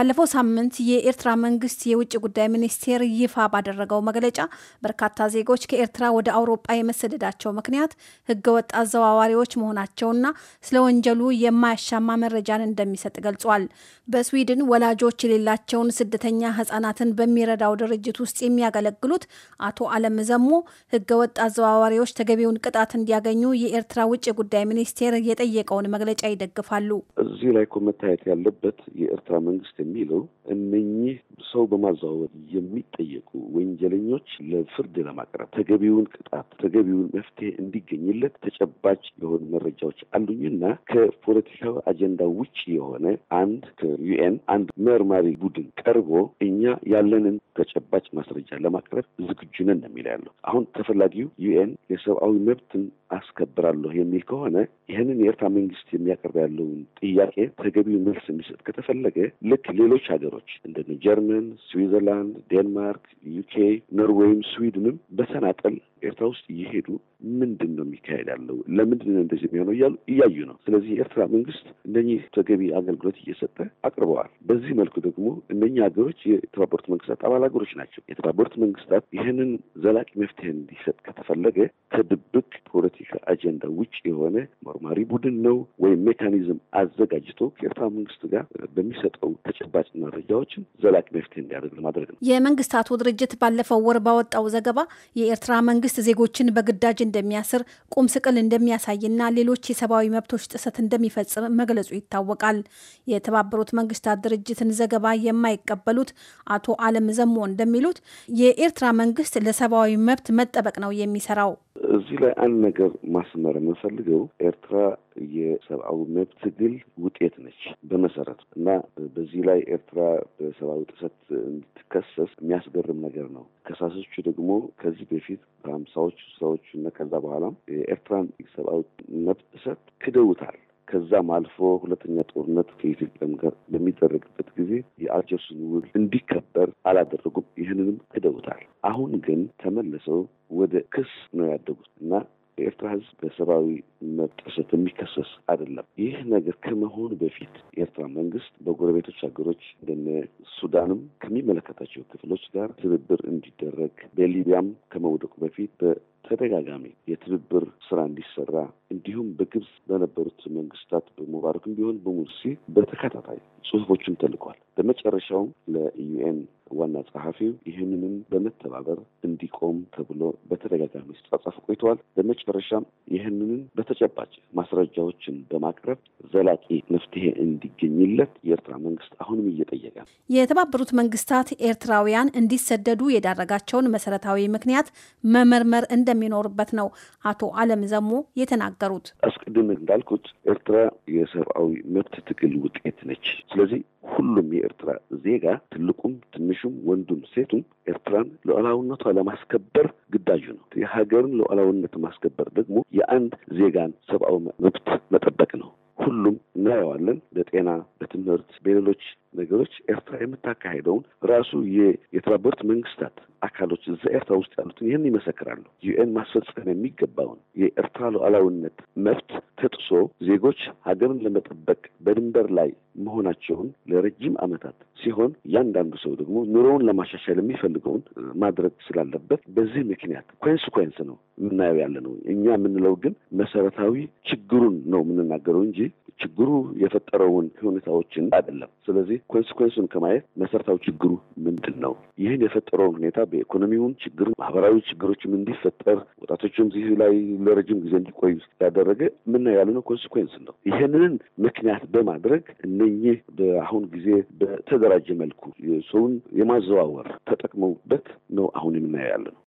ባለፈው ሳምንት የኤርትራ መንግስት የውጭ ጉዳይ ሚኒስቴር ይፋ ባደረገው መግለጫ በርካታ ዜጎች ከኤርትራ ወደ አውሮጳ የመሰደዳቸው ምክንያት ህገወጥ አዘዋዋሪዎች መሆናቸውና ስለ ወንጀሉ የማያሻማ መረጃን እንደሚሰጥ ገልጿል። በስዊድን ወላጆች የሌላቸውን ስደተኛ ህጻናትን በሚረዳው ድርጅት ውስጥ የሚያገለግሉት አቶ አለም ዘሞ ህገወጥ አዘዋዋሪዎች ተገቢውን ቅጣት እንዲያገኙ የኤርትራ ውጭ ጉዳይ ሚኒስቴር የጠየቀውን መግለጫ ይደግፋሉ። እዚህ ላይ እኮ መታየት ያለበት የኤርትራ መንግስት የሚለው እነኚህ ሰው በማዘዋወር የሚጠየቁ ወንጀለኞች ለፍርድ ለማቅረብ ተገቢውን ቅጣት፣ ተገቢውን መፍትሄ እንዲገኝለት ተጨባጭ የሆኑ መረጃዎች አሉኝና ከፖለቲካዊ አጀንዳ ውጭ የሆነ አንድ ከዩኤን አንድ መርማሪ ቡድን ቀርቦ እኛ ያለንን ተጨባጭ ማስረጃ ለማቅረብ ዝግጁ ነን የሚል ያለው አሁን ተፈላጊው ዩኤን የሰብአዊ መብትን አስከብራለሁ የሚል ከሆነ ይህንን የኤርትራ መንግስት የሚያቀርብ ያለውን ጥያቄ ተገቢው መልስ የሚሰጥ ከተፈለገ ልክ ሌሎች ሀገሮች እንደ ጀርመን፣ ስዊዘርላንድ፣ ዴንማርክ፣ ዩኬ፣ ኖርዌይም ስዊድንም በሰናጠል ኤርትራ ውስጥ እየሄዱ ምንድን ነው የሚካሄድ ያለው ለምንድን ነው እንደዚህ የሚሆነው እያሉ እያዩ ነው። ስለዚህ የኤርትራ መንግስት እነኚህ ተገቢ አገልግሎት እየሰጠ አቅርበዋል። በዚህ መልኩ ደግሞ እነኚህ ሀገሮች የተባበሩት መንግስታት አባል ሀገሮች ናቸው። የተባበሩት መንግስታት ይህንን ዘላቂ መፍትሄ እንዲሰጥ ከተፈለገ ከድብቅ ፖለቲካ አጀንዳ ውጭ የሆነ መርማሪ ቡድን ነው ወይም ሜካኒዝም አዘጋጅቶ ከኤርትራ መንግስት ጋር በሚሰጠው ተጨባጭ መረጃዎችን ዘላቂ መፍትሄ እንዲያደርግ ለማድረግ ነው። የመንግስታቱ ድርጅት ባለፈው ወር ባወጣው ዘገባ የኤርትራ መንግስት ዜጎችን በግዳጅ እንደሚያስር፣ ቁም ስቅል እንደሚያሳይና ሌሎች የሰብአዊ መብቶች ጥሰት እንደሚፈጽም መግለጹ ይታወቃል። የተባበሩት መንግስታት ድርጅትን ዘገባ የማይቀበሉት አቶ አለም ዘሞ እንደሚሉት የኤርትራ መንግስት ለሰብአዊ መብት መጠበቅ ነው የሚሰራው። እዚህ ላይ አንድ ነገር ማስመር የምንፈልገው ኤርትራ የሰብአዊ መብት ትግል ውጤት ነች በመሰረቱ እና በዚህ ላይ ኤርትራ በሰብአዊ ጥሰት እንድትከሰስ የሚያስገርም ነገር ነው። ከሳሶቹ ደግሞ ከዚህ በፊት በሀምሳዎቹ ስራዎቹ እና ከዛ በኋላም የኤርትራን የሰብአዊ መብት ጥሰት ክደውታል። ከዛም አልፎ ሁለተኛ ጦርነት ከኢትዮጵያም ጋር በሚደረግበት ጊዜ የአልጀርሱን ውል እንዲከበር አላደረጉም። ይህንንም ክደውታል። አሁን ግን ተመልሰው ወደ ክስ ነው ያደጉት እና የኤርትራ ህዝብ በሰብአዊ መብት ጥሰት የሚከሰስ አይደለም። ይህ ነገር ከመሆኑ በፊት የኤርትራ መንግስት በጎረቤቶች ሀገሮች እንደነ ሱዳንም ከሚመለከታቸው ክፍሎች ጋር ትብብር እንዲደረግ በሊቢያም ከመውደቁ በፊት ተደጋጋሚ የትብብር ስራ እንዲሰራ እንዲሁም በግብጽ በነበሩት መንግስታት በሙባረክም ቢሆን በሙርሲ በተከታታይ ጽሁፎችም ተልኳል። በመጨረሻውም ለዩኤን ዋና ጸሐፊው ይህንንም በመተባበር እንዲቆም ተብሎ በተደጋጋሚ ሲጻጻፍ ቆይተዋል። በመጨረሻም ይህንንም በተጨባጭ ማስረጃዎችን በማቅረብ ዘላቂ መፍትሄ እንዲገኝለት የኤርትራ መንግስት አሁንም እየጠየቀ የተባበሩት መንግስታት ኤርትራውያን እንዲሰደዱ የዳረጋቸውን መሰረታዊ ምክንያት መመርመር እንደሚ እንደሚኖርበት ነው አቶ አለም ዘሞ የተናገሩት። አስቀድም እንዳልኩት ኤርትራ የሰብአዊ መብት ትግል ውጤት ነች። ስለዚህ ሁሉም የኤርትራ ዜጋ ትልቁም፣ ትንሹም፣ ወንዱም፣ ሴቱም ኤርትራን ሉዓላዊነቷ ለማስከበር ግዳጁ ነው። የሀገርን ሉዓላዊነት ማስከበር ደግሞ የአንድ ዜጋን ሰብአዊ መብት መጠበቅ ነው። ሁሉም እናየዋለን። በጤና፣ በትምህርት፣ በሌሎች ሀገሮች ኤርትራ የምታካሄደውን ራሱ የተባበሩት መንግስታት አካሎች እዛ ኤርትራ ውስጥ ያሉትን ይህን ይመሰክራሉ። ዩኤን ማስፈጸም የሚገባውን የኤርትራ ሉዓላዊነት መብት ተጥ ደርሶ ዜጎች ሀገርን ለመጠበቅ በድንበር ላይ መሆናቸውን ለረጅም ዓመታት ሲሆን እያንዳንዱ ሰው ደግሞ ኑሮውን ለማሻሻል የሚፈልገውን ማድረግ ስላለበት በዚህ ምክንያት ኮንስኮንስ ነው የምናየው ያለ ነው። እኛ የምንለው ግን መሰረታዊ ችግሩን ነው የምንናገረው እንጂ ችግሩ የፈጠረውን ሁኔታዎችን አይደለም። ስለዚህ ኮንስኮንሱን ከማየት መሰረታዊ ችግሩ ምንድን ነው? ይህን የፈጠረውን ሁኔታ በኢኮኖሚውን ችግር፣ ማህበራዊ ችግሮችም እንዲፈጠር ወጣቶችም ዚህ ላይ ለረጅም ጊዜ እንዲቆዩ ያደረገ ምናየው ያለ ነው። ያለው ኮንስኮንስ ነው። ይህንን ምክንያት በማድረግ እነኚህ በአሁን ጊዜ በተደራጀ መልኩ ሰውን የማዘዋወር ተጠቅመውበት ነው አሁን የምናየው ያለ ነው።